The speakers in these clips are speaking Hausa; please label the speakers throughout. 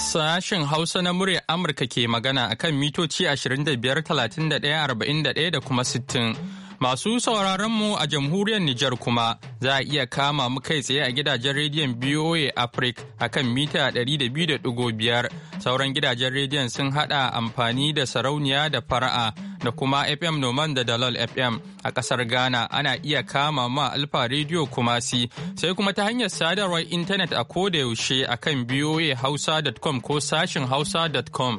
Speaker 1: Sashen Hausa na murya Amurka ke magana akan mitoci 25, 31, 41 da kuma 60. Masu sauraronmu a jamhuriyar Nijar kuma za a iya kama mu kai tsaye a gidajen rediyon BOA Africa a kan mita 200.5 sauran gidajen rediyon sun hada amfani da sarauniya da fara'a da kuma FM Noman da Dalol FM a kasar Ghana ana iya kama ma Alfa Radio Kumasi sai kuma ta hanyar sadarwar intanet a kodayaushe a kan Hausa.com ko sashin hausa.com.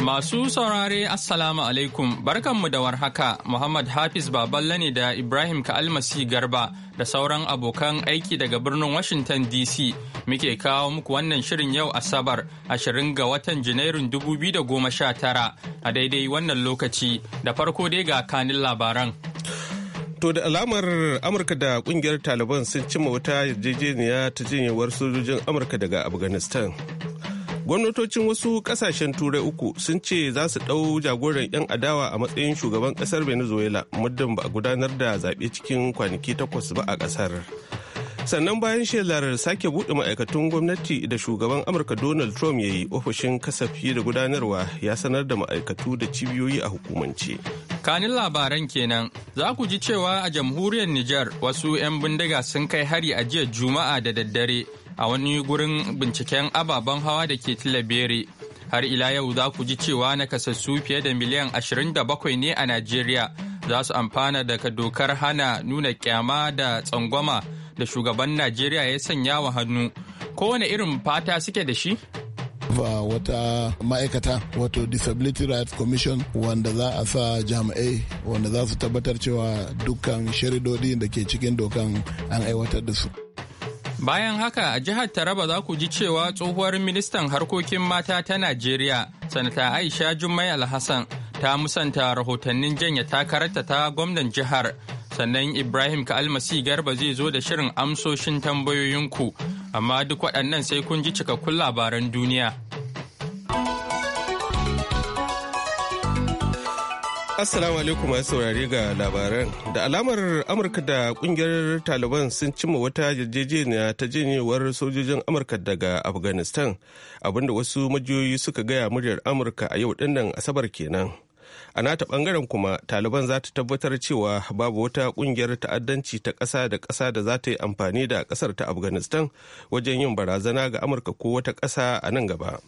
Speaker 1: Masu saurare Assalamu alaikum barkanmu da warhaka Muhammad Hafiz Baballe ne da Ibrahim Ka'almasi Garba da sauran abokan aiki daga birnin Washington DC muke kawo muku wannan shirin yau Asabar 20 ga watan Janairun 2019 a daidai wannan lokaci da farko dai ga kanin labaran.
Speaker 2: To da alamar Amurka da kungiyar Taliban sun cimma wata yarjejeniya ta jinyewar sojojin Amurka daga Afghanistan. gwamnatocin wasu kasashen turai uku sun ce za su ɗau jagoran 'yan adawa a matsayin shugaban ƙasar venezuela muddin ba a gudanar da zaɓe cikin kwanaki takwas ba a ƙasar sannan bayan shelar sake buɗe ma'aikatun gwamnati da shugaban amurka donald trump ya yi ofishin kasafi da gudanarwa ya sanar da ma'aikatu da cibiyoyi a hukumance
Speaker 1: kanin labaran kenan za ku ji cewa a jamhuriyar Nijar wasu 'yan bindiga sun kai hari a jiya juma'a da daddare a wani gurin binciken ababen hawa da ke tilabere har ila yau za ku ji cewa nakasassu fiye da miliyan 27 ne a najeriya za su amfana daga dokar hana nuna kyama da tsangwama da shugaban najeriya ya sanya wa hannu kowane irin fata suke da shi
Speaker 2: ba wata ma'aikata wato disability rights commission wanda za a sa jami'ai wanda za su tabbatar cewa dukkan sharidodi da ke cikin dokan an aiwatar da su
Speaker 1: Bayan haka a jihar Taraba za ku ji cewa tsohuwar ministan harkokin mata ta Najeriya, Sanata Aisha Jummai Alhassan, ta musanta rahotannin janya takararta ta gwamnan jihar. Sannan Ibrahim Kalmasi Garba zai zo da shirin amsoshin tambayoyinku, amma duk waɗannan sai kun ji cikakkun labaran duniya.
Speaker 2: Assalamu alaikum masu saurare ga labaran. Da alamar Amurka da kungiyar Taliban sun cimma wata yarjejeniya ta janyewar sojojin Amurka daga Afghanistan, abinda wasu majiyoyi suka gaya muryar Amurka a yau dinnan Asabar kenan. A nata bangaren kuma Taliban za ta tabbatar cewa babu wata kungiyar ta'addanci ta ƙasa da ƙasa da za ta yi amfani da ƙasar ta Afghanistan wajen yin barazana ga Amurka ko wata ƙasa a nan gaba.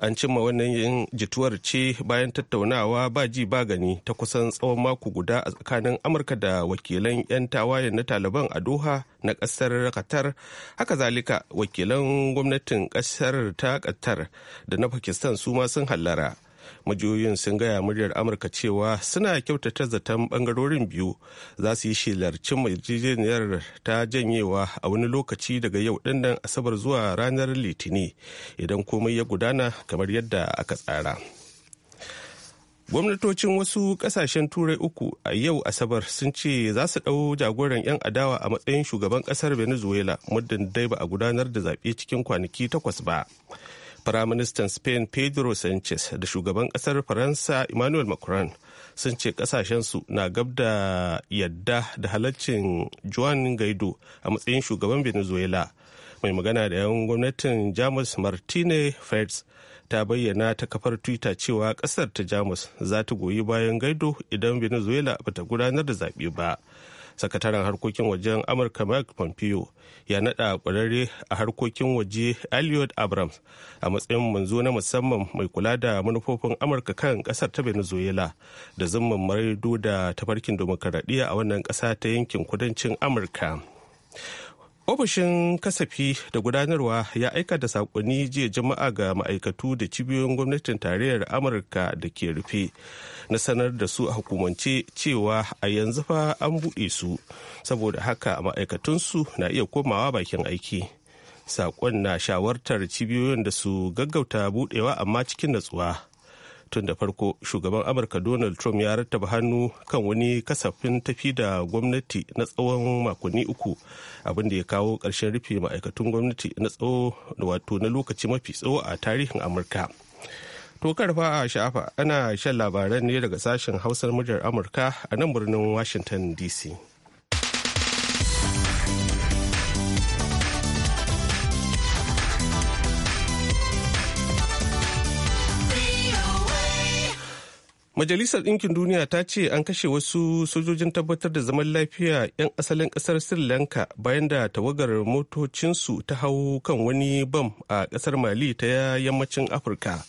Speaker 2: an cimma wannan yin jituwar ce bayan tattaunawa ba ji ba gani ta kusan tsawon mako guda a tsakanin amurka da wakilan 'yan tawayen na taliban a doha na kasar qatar haka zalika wakilan gwamnatin kasar ta qatar da na pakistan su ma sun hallara majiyoyin sun gaya muryar amurka cewa suna kyautata zaton bangarorin biyu za su yi shelar majiyoyin ta janyewa a wani lokaci daga yau dinnan asabar zuwa ranar litini idan komai ya gudana kamar yadda aka tsara gwamnatocin wasu kasashen turai uku a yau asabar sun ce za su ɗau jagoran 'yan adawa a matsayin shugaban ƙasar venezuela muddin dai ba a gudanar da zaɓe cikin kwanaki takwas ba Firaministan Spain Pedro Sanchez da shugaban ƙasar Faransa Emmanuel Macron sun ce ƙasashensu na gab da yadda da halaccin Juan gaido a matsayin shugaban Venezuela. Mai magana da 'yan gwamnatin Jamus Martine Fritz ta bayyana ta kafar Twitter cewa ƙasar ta Jamus za ta goyi bayan gaido idan Venezuela bata gudanar da zaɓe ba. sakataren harkokin wajen amurka mark pompeo ya nada kwararre a harkokin waje elliot abrams a matsayin manzo na musamman mai kula da manufofin amurka kan kasar ta venezuela da zumman maido da tafarkin demokaradiyya a wannan kasa ta yankin kudancin amurka ofishin kasafi da gudanarwa ya aika da sakonni jiya jama'a ga ma'aikatu da cibiyoyin gwamnatin tarayyar amurka da ke rufe na sanar da su a hukumance cewa a yanzu fa an buɗe su saboda haka ma'aikatunsu na iya komawa bakin aiki Saƙon na shawartar cibiyoyin da su gaggauta buɗewa amma cikin natsuwa tun da farko shugaban amurka donald trump ya rattaba hannu kan wani kasafin tafi da gwamnati na tsawon makonni uku abinda ya kawo ƙarshen rufe ma'aikatun gwamnati na tsawo wato na lokaci mafi tsawo a tarihin amurka to karfa a sha'afa ana shan labaran ne daga sashen hausar muryar amurka a nan birnin washington dc Majalisar Ɗinkin Duniya ta ce an kashe wasu sojojin tabbatar da zaman lafiya 'yan asalin ƙasar Sri Lanka bayan da tawagar motocinsu ta hau kan wani bam a ƙasar Mali ta yammacin Afirka.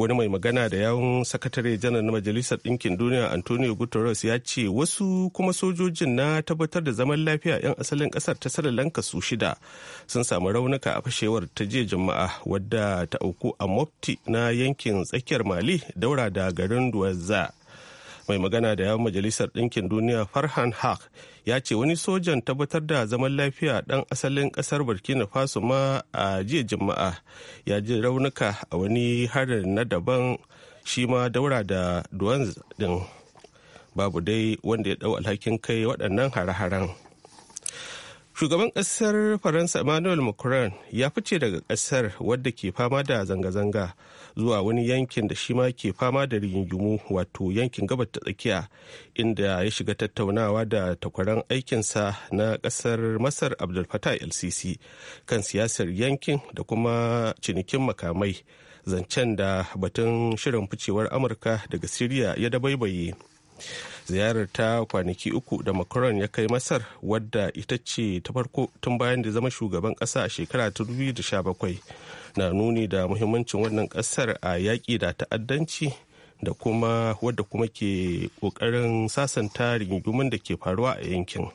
Speaker 2: wani mai magana da yawun sakatare janar na majalisar ɗinkin duniya antonio guterres ya ce wasu kuma sojojin na tabbatar da zaman lafiya 'yan asalin ƙasar ta sri lanka su shida sun samu raunuka a fashewar ta jiya juma'a wadda ta auku a mofti na yankin tsakiyar mali daura da garin duwazza mai magana da yawon majalisar ɗinkin duniya farhan haq ya ce wani sojan tabbatar da zaman lafiya ɗan asalin ƙasar burkina faso ma a jiya juma'a ya ji raunuka a wani harin na daban shi ma daura da duwan din babu dai wanda ya ɗau alhakin kai waɗannan hare-haren shugaban ƙasar faransa emmanuel macron ya fice daga ƙasar wadda ke fama da zanga-zanga zuwa wani yankin da shi ma ke fama da rigingimu wato yankin gabar ta tsakiya inda ya shiga tattaunawa da takwaran aikinsa na kasar masar abdul fatah lcc kan siyasar yankin da kuma cinikin makamai zancen da batun shirin ficewar amurka daga siriya ya dabaibaye ziyarar ta kwanaki uku da macron ya kai masar wadda ita ce ta farko tun bayan da zama shugaban kasa a shekara ta 2017 na nuni da muhimmancin wannan kasar a yaƙi da ta'addanci da kuma wadda kuma ke ƙoƙarin sasanta rigingimun da ke faruwa a yankin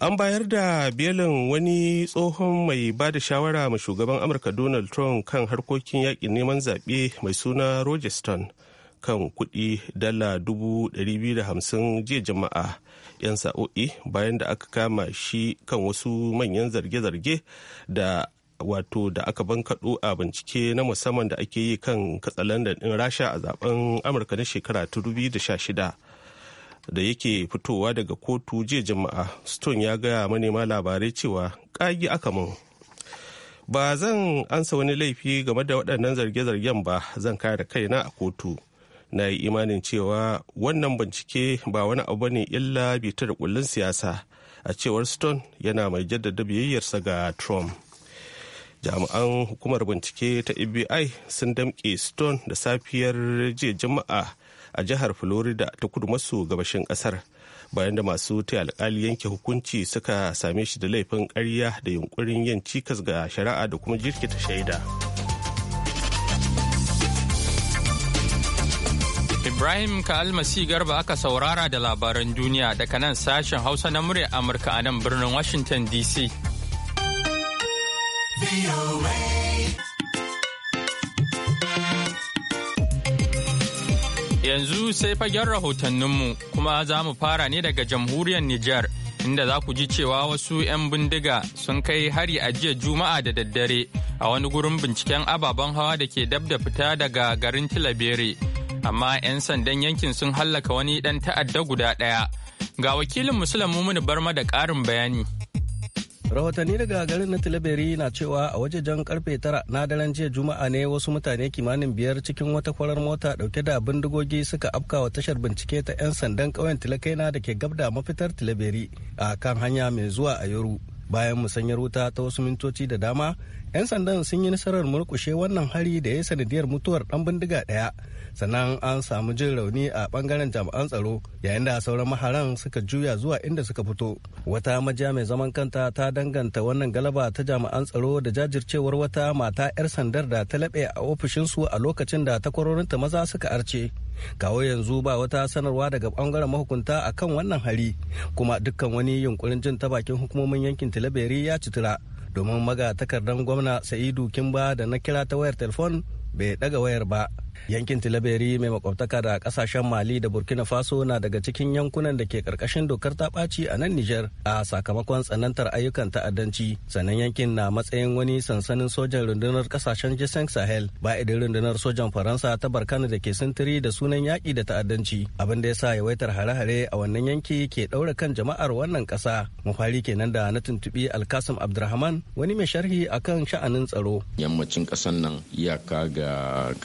Speaker 2: an bayar da belin wani tsohon mai ba da shawara ma shugaban amurka donald trump kan harkokin yaƙin neman zaɓe mai suna roger stone kan kuɗi dala dubu hamsin jiya jama'a 'yan sa'o'i bayan da aka kama shi kan wasu manyan zarge-zarge da wato da aka bankaɗo a bincike na musamman da ake yi kan katsalandan ɗin rasha a zaben amurka na shekara ta 2016 da yake fitowa daga kotu jiya jama'a stone ya gaya manema labarai cewa ƙagi aka mun ba zan ansa wani laifi game da waɗannan zarge-zargen ba zan kare kaina a kotu na yi imanin cewa wannan bincike ba wani abu ne illa bitar da kullun siyasa a cewar stone yana mai jaddada biyayyarsa ga trump jami'an hukumar bincike ta fbi sun damƙe stone da safiyar jiya juma'a a jihar florida ta kudu maso gabashin ƙasar bayan da masu ta alkali yanke hukunci suka same shi da laifin karya da yunkurin yin cikas ga shari'a da kuma jirkita shaida. Ibrahim kalmasi
Speaker 1: Garba aka saurara da labaran duniya daga nan sashen Hausa na murya Amurka a nan birnin Washington DC. Yanzu sai fagen rahotanninmu kuma za mu fara ne daga jamhuriyar Nijar inda za ku ji cewa wasu 'yan bindiga sun kai hari a jiya Juma'a da daddare a wani gurin binciken ababen hawa da ke dab da fita daga garin Tilabere. amma 'yan sandan yankin sun hallaka wani dan ta'adda guda ɗaya. Ga wakilin Musulun bar Barma da karin bayani.
Speaker 3: rahotanni daga garin na tilaberi na cewa a waje jan karfe tara na daren jiya juma'a ne wasu mutane kimanin biyar cikin wata kwarar mota dauke da bindigogi suka afka wa tashar bincike ta 'yan sandan ƙauyen tilakaina da ke gabda mafitar tilaberi a kan hanya mai zuwa a yoru bayan musanyar wuta ta wasu mintoci da dama 'yan sandan sun yi nasarar murkushe wannan hari da ya sanadiyar mutuwar dan bindiga ɗaya sannan an samu jin rauni a bangaren jami'an tsaro yayin da sauran maharan suka juya zuwa inda suka fito wata majiya mai zaman kanta ta danganta wannan galaba ta jami'an tsaro da jajircewar wata mata 'yar sandar da ta laɓe a ofishinsu a lokacin da ta takwarorinta maza suka arce kawo yanzu ba wata sanarwa daga bangaren mahukunta akan wannan hari kuma dukkan wani yunkurin jin ta bakin hukumomin yankin tilaberi ya citira. domin maga takardar gwamna sa'idu kimba da na kira ta wayar telefon bai daga wayar ba Yankin Tilaberi mai makwabtaka da kasashen Mali da Burkina Faso na daga cikin yankunan da ke karkashin dokar ta ɓaci a nan Nijar a sakamakon tsanantar ayyukan ta'addanci. Sannan yankin na matsayin wani sansanin sojan rundunar kasashen g Sahel ba idan rundunar sojan Faransa ta Barkana da ke sintiri da sunan yaƙi da ta'addanci. Abin da ya sa yawaitar hare-hare a wannan yanki ke ɗaura kan jama'ar wannan ƙasa. Mafari kenan da na tuntuɓi Alkasim Abdurrahman wani mai sharhi akan sha'anin tsaro. Yammacin ƙasan nan
Speaker 4: iyaka ga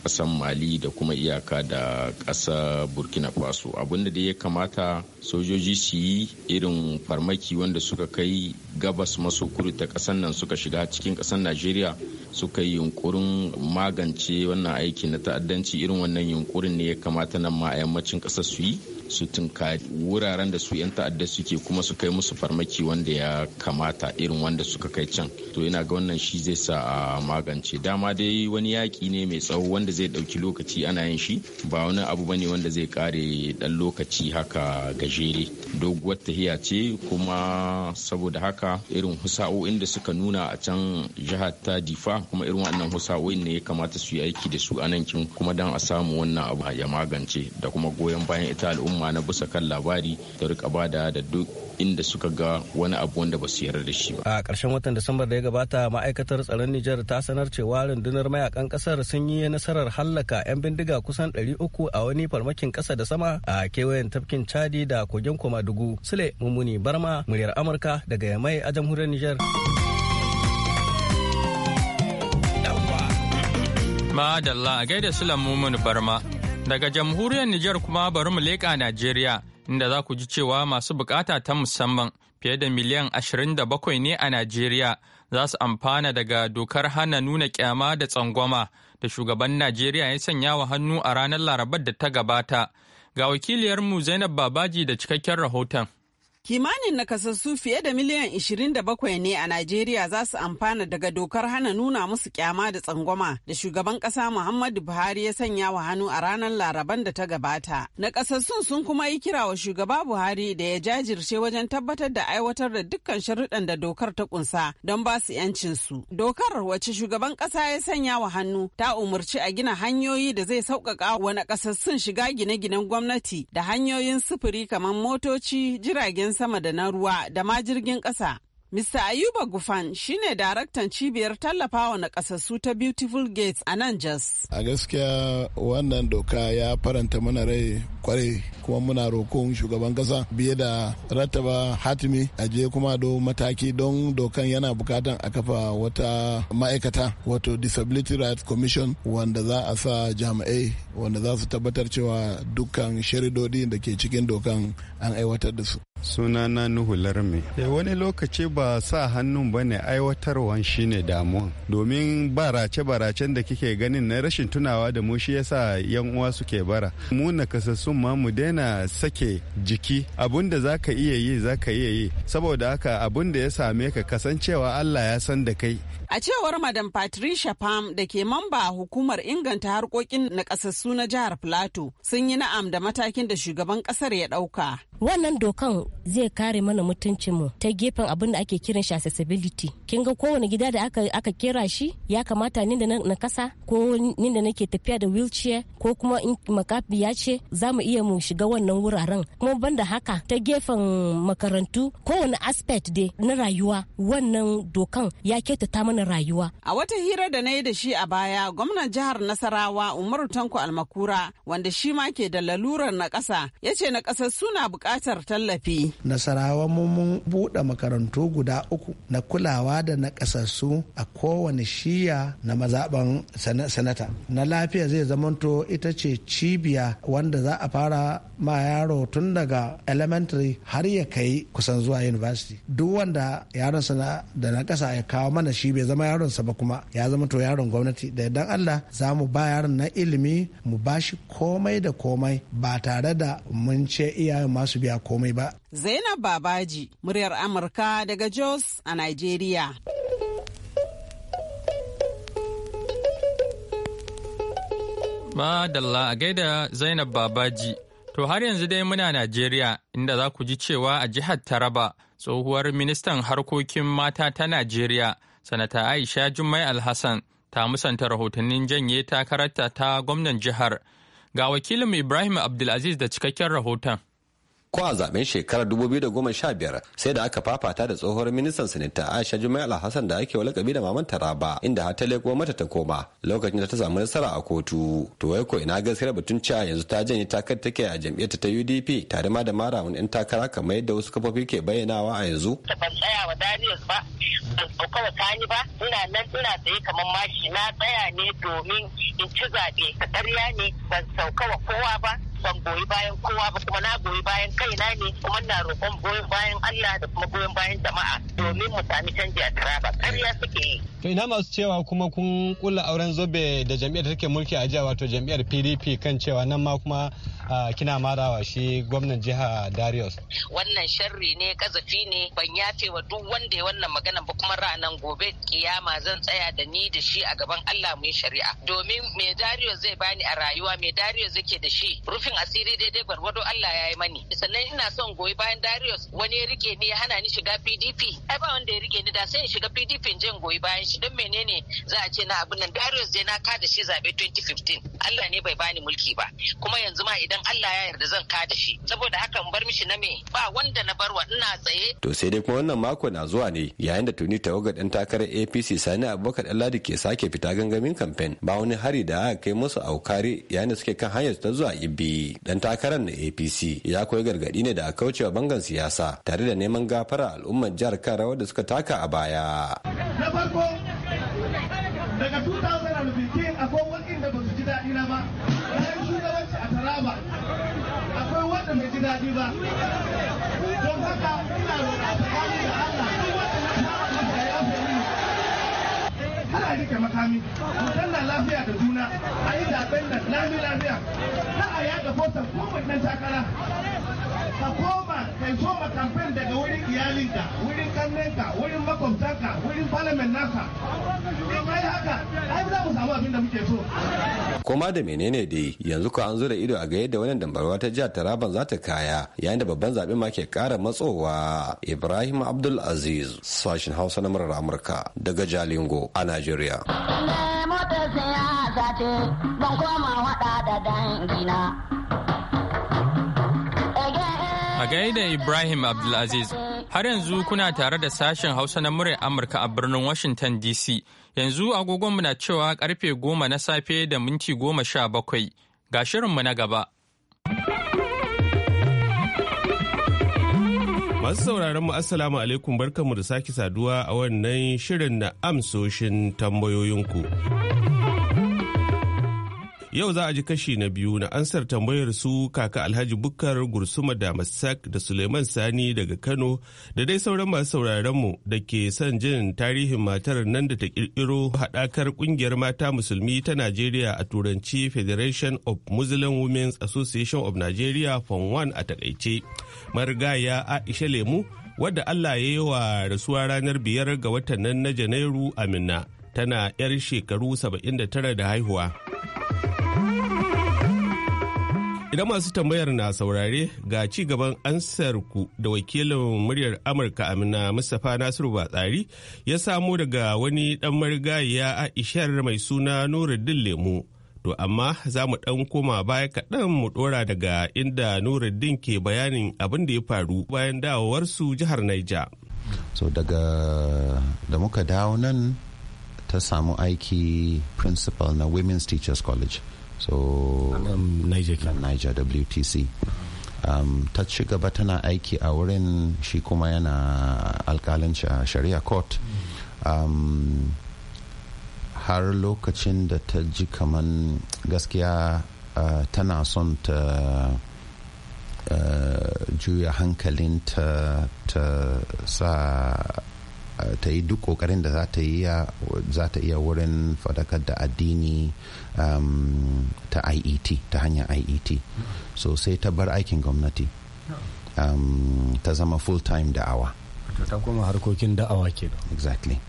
Speaker 4: ƙasan Mali mali da kuma iyaka da ƙasa burkina faso abinda da ya kamata sojoji su yi irin farmaki wanda suka kai gabas maso kudu ta ƙasar nan suka shiga cikin ƙasar najeriya suka yi yunkurin magance wannan aiki na ta'addanci irin wannan yunkurin ne ya kamata nan ma a yammacin ƙasar su yi su tunkari wuraren da su 'yan ta'adda suke kuma su kai musu farmaki wanda ya kamata irin wanda suka kai can to ina ga wannan shi zai sa a magance dama dai wani yaƙi ne mai tsawo wanda zai ɗauki lokaci ana yin shi ba wani abu bane wanda zai kare ɗan lokaci haka gajere doguwar tahiya ce kuma saboda haka irin husa'o'in da suka nuna a can jihar ta difa kuma irin wannan husa'o'in ne ya kamata su yi aiki da su a nan kuma dan a samu wannan abu ya magance da kuma goyon bayan ita al'umma musamman na bisa kan labari da rika bada da duk inda suka ga wani abu wanda ba su yarda da
Speaker 3: shi ba. A ƙarshen watan Disambar da ya gabata ma'aikatar tsaron Nijar ta sanar cewa rundunar mayakan ƙasar sun yi nasarar hallaka 'yan bindiga kusan 300 a wani farmakin ƙasa da sama a kewayen tafkin Chadi da kogin Komadugu. Sule Mummuni Barma muryar Amurka daga Yamai a jamhuriyar Nijar.
Speaker 1: Madalla a gaida Sule Mummuni Barma. Daga jamhuriyar Nijar kuma bari mu leƙa Najeriya inda za ku ji cewa masu bukata ta musamman fiye da miliyan 27 ne a Najeriya za su amfana daga dokar hana nuna kyama da tsangwama da shugaban Najeriya ya sanya wa hannu a ranar Larabar da ta gabata. Ga wakiliyarmu Zainab Babaji da cikakken rahoton.
Speaker 5: Kimanin nakasassu fiye da miliyan 27 ne a Najeriya za su amfana daga dokar hana nuna musu kyama da tsangwama da shugaban kasa Muhammadu Buhari ya sanya wa hannu a ranar Laraban da ta gabata. Nakasassun sun kuma yi kira wa shugaba Buhari da ya jajirce wajen tabbatar da aiwatar da dukkan sharuɗan da dokar ta kunsa don ba su su. Dokar wacce shugaban kasa ya sanya wa hannu ta umarci a gina hanyoyi da zai sauƙaƙa wa nakasassun shiga gine-ginen gwamnati da hanyoyin sufuri kamar motoci, jiragen sama da na ruwa da ma jirgin ƙasa. Mr. Ayuba Gufan shine daraktan cibiyar tallafawa na kasassu ta Beautiful Gates a nan Jos.
Speaker 2: A gaskiya wannan doka ya faranta mana rai kwarai kuma muna rokon shugaban kasa biye da rattaba hatimi a je kuma do mataki don dokan yana bukatan a kafa wata ma'aikata wato disability rights commission wanda za a sa jami'ai wanda za su tabbatar cewa dukkan sharidodi da ke cikin dokan an aiwatar da su
Speaker 6: sunana nuhu larme wani lokaci ba sa hannun ba ne aiwatarwan ne damuwan domin barace baracen da kike ganin na rashin tunawa da mu shi yasa yan uwa suke bara mu na kasassun ma mu daina kana sake jiki abun da za ka iya yi za ka iya yi saboda haka abun da ya same ka kasancewa allah ya san da kai
Speaker 5: A cewar Madam Patricia Pam da ke mamba hukumar inganta harkokin nakasassu na jihar Plateau sun yi na'am da matakin da shugaban kasar ya dauka. Wannan dokan zai kare mana mutuncinmu ta gefen abin da ake kiran shi accessibility. Kin ga kowane gida da aka, aka kera shi ya kamata ni da na kasa ko ni da nake tafiya da wheelchair ko kuma in makafi ya ce za mu iya mu shiga wannan wuraren. Kuma banda haka ta gefen makarantu kowane aspect dai na rayuwa wannan dokan ya kyautata mana mana rayuwa. A wata hira da na yi da shi a baya, gwamnan jihar Nasarawa Umaru Tanko Almakura, wanda shi ma ke da lalurar na ƙasa, ya ce na ƙasar suna buƙatar tallafi.
Speaker 3: Nasarawa mun buɗe makarantu guda uku na kulawa da na ƙasassu a kowane shiya na mazaɓan sanata. Na lafiya zai zamanto ita ce cibiya wanda za a fara ma yaro tun daga elementary har ya kai kusan zuwa university. Duk wanda yaron sana da na ƙasa ya kawo mana shi zama yaron sa ba kuma ya zama to yaron gwamnati da dan Allah za mu ba yaron na ilimi mu ba shi komai da komai ba tare da mun ce iyayen masu biya komai ba
Speaker 5: Zainab Babaji muryar Amurka daga Jos a Nigeria
Speaker 1: Madalla a gaida Zainab Babaji. To har yanzu dai muna Najeriya inda za ku ji cewa a jihar Taraba tsohuwar ministan harkokin mata ta Najeriya sanata aisha jummai alhassan ta musanta rahotannin janye takararta ta gwamnan jihar ga wakilin ibrahim abdulaziz da cikakken rahoton
Speaker 6: ko a zaben shekarar 2015 sai da aka fafata da tsohuwar ministan sanita Aisha Jummai Alhassan da ake walakabi da maman Taraba inda har ta leko mata ta koma lokacin da ta samu nasara a kotu to wai ko ina gaskiyar batun cewa yanzu ta janye takar take a jam'iyyar ta UDP tare ma da mara wani yan takara kamar yadda wasu kafofi ke bayyanawa a yanzu
Speaker 5: ban tsaya wa Darius ba ban sauka wa ba ina nan ina tsaye kamar mashi na tsaya ne domin in ci zaɓe ƙarya ne ban sauka wa kowa ba ban goyi bayan kowa ba kuma na goyon bayan na ne kuma na roƙon goyon bayan Allah da kuma goyon bayan jama'a domin mu sami canji a Taraba
Speaker 3: ƙarya suke
Speaker 6: yi. To ina masu cewa kuma kun kula auren zobe da jam'iyyar da take mulki a jiya wato jami'ar PDP kan cewa nan ma kuma kina marawa shi gwamnan jiha Darius.
Speaker 5: Wannan sharri ne kazafi ne ban yafe wa duk wanda ya wannan magana ba kuma ranan gobe kiyama zan tsaya da ni da shi a gaban Allah mu shari'a domin me Darius zai bani a rayuwa me Darius yake da shi rufin asiri daidai gwargwado Allah ya yi mai bane sannan ina son goyi bayan Darius wani ya rike ni ya hana ni shiga PDP ai ba wanda ya rike ni da sai in shiga PDP in je goyi bayan shi don menene za a ce na abin nan Darius dai na ka da shi zabe 2015 Allah ne bai bani mulki ba kuma yanzu ma idan Allah ya yarda zan ka da shi saboda haka bar mishi na me ba wanda na barwa ina tsaye
Speaker 6: to sai dai kuma wannan mako na zuwa ne yayin da tuni tawaga dan takarar APC Sani Abubakar Ɗanladi ke sake fita gangamin kamfen ba wani hari da aka kai musu aukare yayin da suke kan hanyar ta zuwa Ibi dan takarar na APC ya ya koyi gargadi ne da a kaucewa bangan siyasa tare da neman gafara al'ummar jihar kan rawar da suka taka a baya.
Speaker 3: Na farko daga 2015 akwai waɗanda ba su ji daɗi na ba, bayan shugabanci a Taraba akwai wanda bai ji daɗi ba. rike makami mu na lafiya da juna a yi zaben da lami lafiya ta a yaɗa fotar kowannen takara ka koma kai soma kamfen daga wurin iyalinka wurin kannenka wurin makwabtanka wurin parliament nasa in kai haka ai za mu samu abin da muke so
Speaker 6: koma da menene dai yanzu ka an zura ido a ga yadda wannan dambarwa ta jihar Taraban za ta kaya yayin da babban zaben ma ke kara matsowa Ibrahim Abdul Aziz sashin Hausa na murar Amurka daga Jalingo a Najeriya
Speaker 5: ne motar sai ya sace ban koma wada da dangina
Speaker 1: gaida Ibrahim Abdulaziz, har yanzu kuna tare da sashen Hausa na muryar Amurka a birnin Washington DC. Yanzu agogonmu na cewa karfe goma na safe da minti goma sha bakwai. Ga shirinmu na gaba.
Speaker 2: Masu sauraron mu Assalamu alaikum barkanmu da sake saduwa a wannan shirin na amsoshin tambayoyinku. Yau za a ji kashi na biyu na ansar tambayar su kaka Alhaji Bukar Gursuma da Masak da Suleiman Sani daga Kano da dai sauran masu sauraronmu da ke son jin tarihin matar nan da ta kirkiro haɗakar ƙungiyar mata musulmi ta Najeriya a turanci Federation of Muslim Women's Association of Nigeria from 1 a takaice. Marigaya Aisha Lemu wadda Allah ya yi wa rasuwa ranar biyar ga watan nan na Janairu Amina tana 'yar shekaru 79 da haihuwa. Idan masu tambayar na saurare ga ci gaban ansar ku da wakilin muryar Amurka Amina Mustapha Nasiru Batsari ya samo daga wani ɗan marigayiya Aishar mai suna din Lemu. To amma za mu dan koma baya kaɗan mu ɗora daga inda din ke bayanin abin da ya faru bayan dawowarsu jihar Naija.
Speaker 7: So daga da muka dawo nan ta samu aiki principal na Women's Teachers College. so um, niger niger wtc um, ta ci gaba tana aiki a wurin shi kuma yana alkalanci a shari'a court um, har lokacin da ta ji kaman gaskiya uh, tana son ta uh, juya hankalin ta sa ta yi duk kokarin da za ta iya wurin fadakar da addini um, ta iet ta hanyar iet so sai ta bar aikin gwamnati um, ta zama full-time da'awa
Speaker 3: ta kuma harkokin da'awa ke
Speaker 7: exactly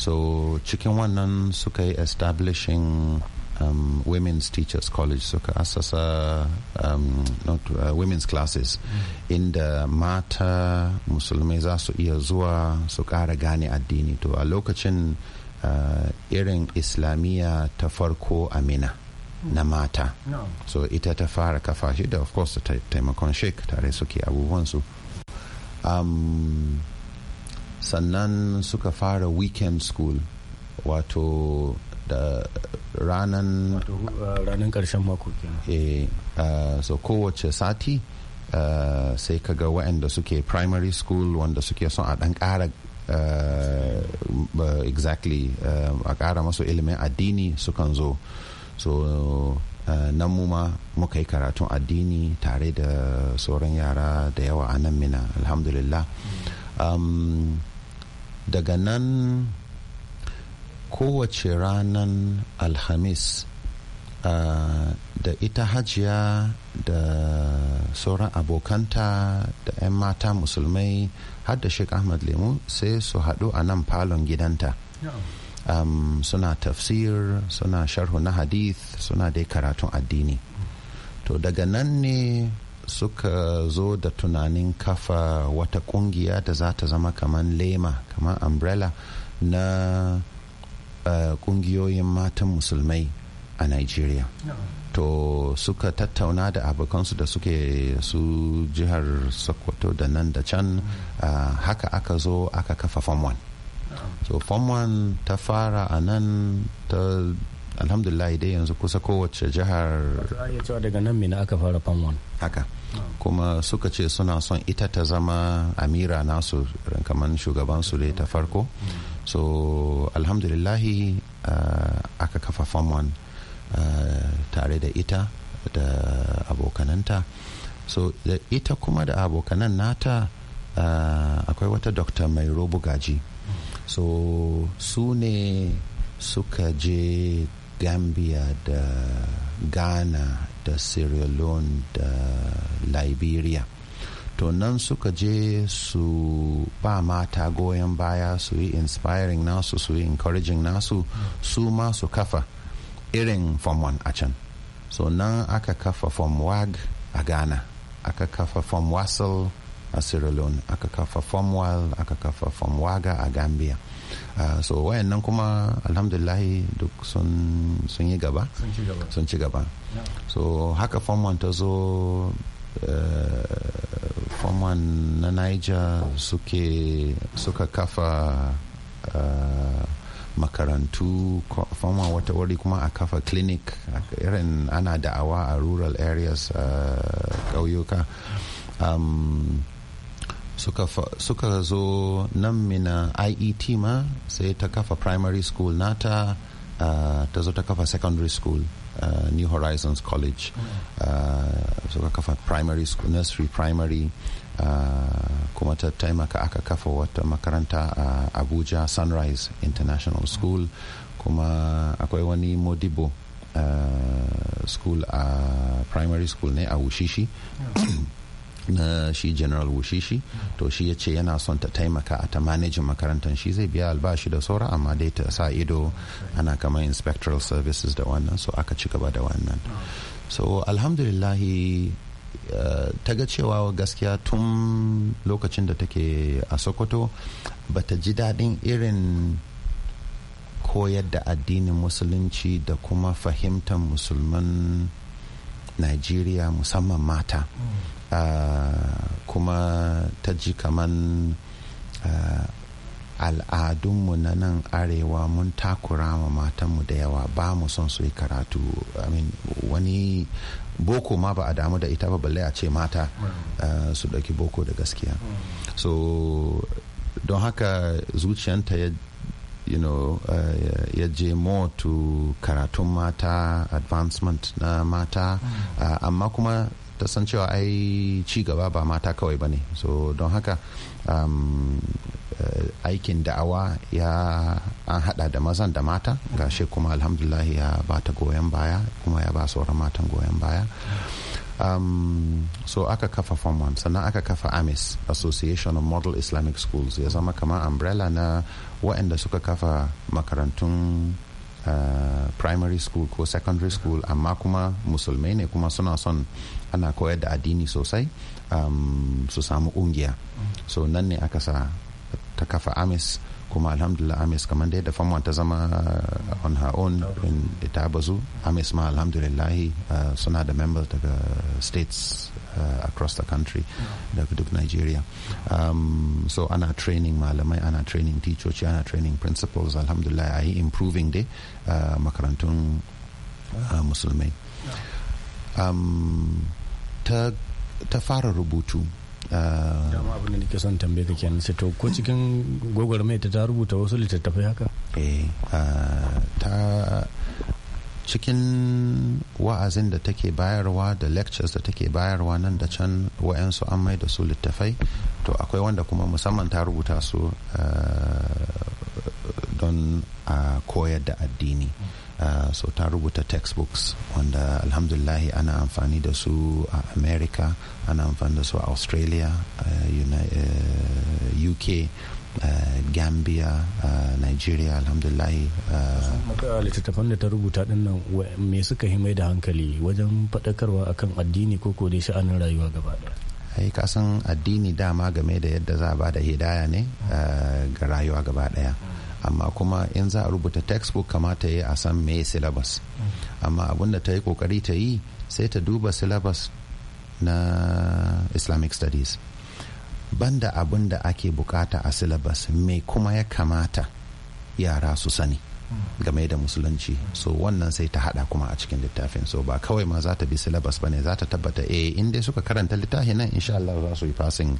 Speaker 7: so cikin wannan suka yi establishing um, women's teachers college suka assasa um, not, uh, women's classes mm. inda mata musulmai za su iya zuwa su ƙara gane addini to a lokacin uh, irin islamiyya ta farko amina mm. na mata no. so ita ta fara kafa shi da of course ta taimakon sheik tare suke abubuwansu um, sannan suka fara weekend school wato da ranan uh, ranan karshen mako kenan eh uh, so kowace sati Uh, sai ka ga waɗanda suke primary school wanda suke son a ɗan ƙara uh, exactly a ƙara masu ilimin addini sukan zo so nan mu ma muka yi karatun addini tare da sauran yara da yawa a nan mina alhamdulillah mm. um, daga nan kowace ranan alhamis uh, da ita hajiya da sauran abokanta da 'yan mata musulmai har da sheik ahmad lemu sai su haɗu a nan falon gidanta um, suna tafsir suna sharhu na hadith suna dai karatun addini to daga nan ne suka zo da tunanin kafa wata kungiya da za ta zama kamar lema kamar umbrella na Eh, kungiyoyin matan musulmai a nigeria to suka tattauna da abokansu da suke su jihar sokoto da nan da can mm. eh, haka aka zo aka kafa form 1 so form 1 ta fara a nan ta alhamdulillah dai yanzu kusa kowace jihar cewa daga nan mina aka fara form 1 haka kuma suka ce suna son ita ta zama amira nasu kamar shugabansu ne ta farko mm. so alhamdulillah uh, aka kafa form uh, tare da ita da abokananta so da ita kuma da abokanan nata uh, akwai wata dokta mai robu gaji so su ne suka je gambia da ghana da sierra leone da liberia to nan suka je su ba mata goyon baya su yi inspiring nasu su yi encouraging nasu su ma su kafa irin form 1 a can so nan aka kafa form wag a ghana aka kafa form wassel a sierra leone aka kafa form wal aka kafa form waga a gambia uh, so wayannan kuma alhamdulahi duk sun yi gaba sun ci gaba so haka form 1 ta zo Eh, foreman na niger suke suka kafa eh, makarantu fama wata wuri kuma a kafa clinic irin ana da'awa a rural areas a eh, ƙauyuka um, suka, zo nan mina iet ma sai ta kafa primary school nata ta zo ta kafa secondary school Uh, new horizons college oh, uh, suka kafa primary school nursery primary uh, kuma ta taimaka aka kafa wata makaranta a abuja sunrise international school kuma akwai wani modibo school a primary school ne a wushishi na shi general wushishi to shi ya ce yana son ta taimaka a ta manajin makarantar shi zai biya albashi da saura amma dai ta sa ido ana kamar inspectoral services da wannan so aka ci gaba da wannan so alhamdulillahi eh, ta ga cewa gaskiya tun lokacin da take a sokoto ba ta ji daɗin irin koyar da addinin musulunci da kuma fahimtar musulman najeriya musamman mata Ah, kuma ta ji kaman ah, al'adunmu na nan arewa mun takura ma matanmu da yawa ba mu son su yi karatu wani boko ma ba a damu da ita ba balle a ce mata ah, su ɗauki boko da gaskiya so don haka zuciyanta ya you know, uh, ya je more to karatun mata advancement na mata mm. uh, amma kuma ta san cewa ai ci gaba ba mata kawai ba ne so don haka um, uh, aikin da'awa ya an hada da mazan da mata gashe kuma alhamdulillah ya ba ta goyon baya kuma ya ba sauran matan goyon baya um, so aka kafa form one sannan aka kafa amis association of model islamic schools ya zama kama umbrella na waɗanda suka kafa makarantun uh, primary school ko secondary school amma kuma musulmai ne kuma suna son ana koyar da addini sosai um, su samu kungiya so nan ne aka sa ta kafa amis kuma alhamdulillah amis kamar da yadda ta zama uh, on her own in ta bazu amis ma alhamdulillah uh, suna da members daga states uh, across the country daga duk nigeria um, so ana training malamai ana training teachers ana training principals alhamdulillah a yi improving dai uh, makarantun uh, musulmai um, ta fara rubutu ah, dama abin da nake son tambaye ka kenan sai to ko cikin gwagwarmai ta ta rubuta wasu littattafai haka eh ah, ta cikin wa'azin da take bayarwa da lectures da take bayarwa nan da can wa'yansu an mai da su littafai to akwai wanda kuma musamman ta rubuta su ah, don a koyar da addini Uh, so ta rubuta textbooks wanda alhamdulahi ana amfani da su a america ana amfani da su a australia uh, uk uh, uk uh, gambia uh, nigeria alhamdulahi littattafan da ta rubuta dinnan me suka himai da hankali wajen faɗakarwa akan addini ko ko dai sha'anin rayuwa gaba daya ai kasan addini dama game da yadda za a ba da hidaya ne ga rayuwa gaba daya amma kuma in za a rubuta textbook kamata ya a san me syllabus amma abinda ta yi kokari ta yi sai ta duba syllabus na islamic studies banda abun da ake bukata a syllabus me kuma ya kamata yara su sani game da musulunci so wannan sai ta hada kuma a cikin littafin so ba kawai ma za ta bi syllabus ne za ta tabbata eh inda dai suka karanta littafin nan insha Allah za su yi passing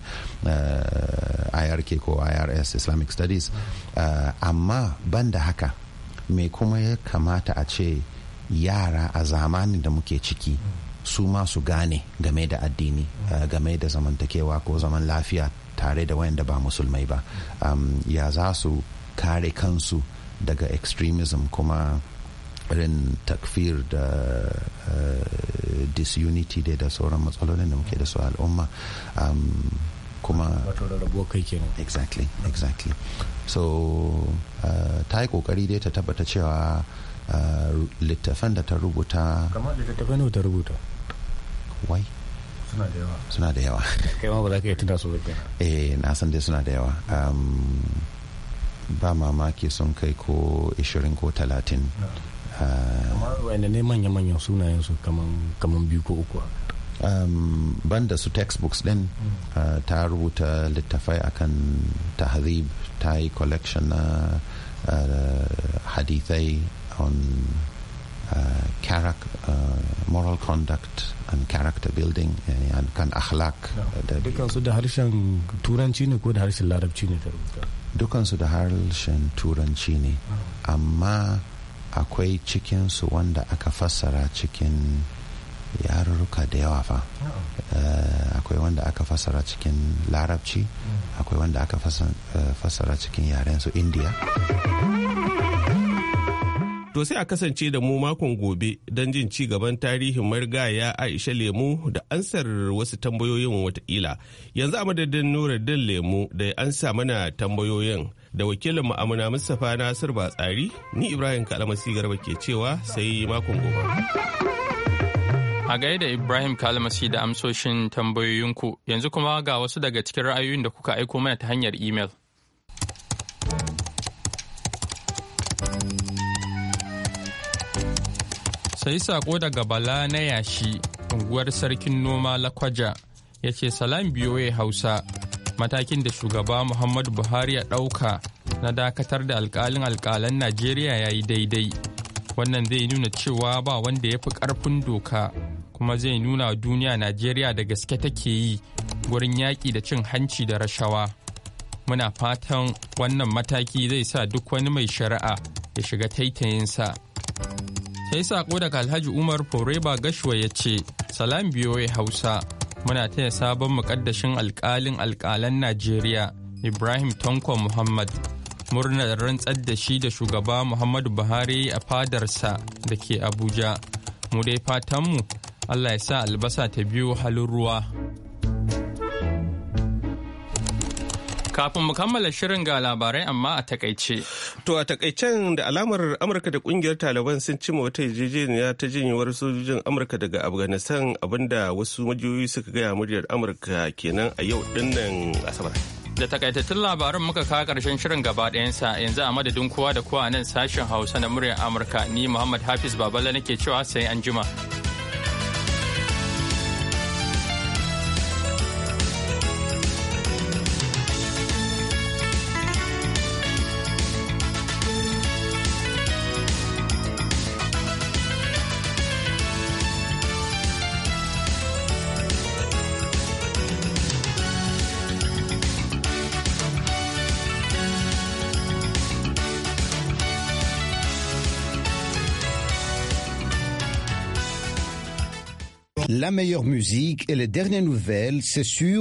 Speaker 7: eh, IRK ko IRS Islamic Studies eh, amma banda haka me kuma ya kamata a ce yara a zamanin da muke ciki su ma su gane game da addini eh, game da zamantakewa ko zaman lafiya tare da wayanda ba musulmai ba ya za su kare kansu daga extremism kuma irin takfir da eh, disunity da sauran matsalolin da muke da su al'umma um, kuma exactly exactly so eh, ta yi kokari dai ta tabbata cewa eh, littafan da ta rubuta kamar littafan da ta rubuta wai suna da yawa suna da yawa
Speaker 3: kai ma ba za ka yi tunda su
Speaker 7: eh na san dai suna da yawa um, ba mamaki sun kai ko 20 ko 30 ah. wani ne manya-manyan sunayen su kaman biyu ko uku um, Ban banda su textbooks din mm. ah, ta rubuta littafai akan tahzib ta yi collection na ah, hadithai on Uh, uh, moral conduct and character building uh, and kan akhlaq dukansu da harshen turanci ne ko da harshen larabci ne dukansu da harshen turanci ne ah. amma akwai cikinsu wanda aka fassara cikin yarurruka da yawa fa ah. akwai wanda aka fassara cikin larabci hmm. akwai wanda aka fassara cikin yaren su indiya
Speaker 2: To sai a kasance da mu makon gobe don jin ci gaban tarihin marigaya Aisha Lemu da ansar wasu tambayoyin watakila. Yanzu a madadin Nuruddin Lemu da ya ansa mana tambayoyin da wakilin ma'amuna Mustapha Nasir Batsari ni Ibrahim Kalamasi Garba ke cewa sai makon gobe.
Speaker 1: A gaida Ibrahim Kalmasi da amsoshin tambayoyinku yanzu kuma ga wasu daga cikin ra'ayoyin da kuka aiko mana ta hanyar imel. sai sako daga bala na yashi unguwar sarkin noma lakwaja ya ce salam biyoye hausa matakin da shugaba muhammadu buhari ya ɗauka na dakatar da alkalin alkalan najeriya ya yi daidai wannan zai nuna cewa ba wanda ya fi ƙarfin doka kuma zai nuna duniya najeriya da gaske take yi wurin yaƙi da cin hanci da rashawa muna fatan wannan mataki zai sa duk wani mai shari'a ya shiga taitayinsa. sai sako daga alhaji umar foreba gashwa ya ce salam biyoyi hausa muna taya sabon mukaddashin alƙalin alkalan najeriya ibrahim Tonko muhammad murnar rantsar da shi da shugaba muhammadu buhari a fadarsa da ke abuja mu dai fatanmu allah ya sa albasa ta biyo halin ruwa
Speaker 2: Kafin mu kammala shirin ga labarai amma a takaice. To a takaicen da alamar Amurka da kungiyar Taliban sun ma wata yarjejeniya ta jinyewar sojojin Amurka daga Afghanistan abinda wasu majiyoyi suka gaya muryar Amurka kenan a yau dinnan Asabar.
Speaker 1: Da takaitattun labarin muka kawo karshen shirin gaba ɗayansa yanzu a madadin kowa da kowa nan sashen Hausa na muryar Amurka ni Muhammad Hafiz Babala nake cewa sai an jima.
Speaker 7: la meilleure musique et les dernières nouvelles, c'est sûr.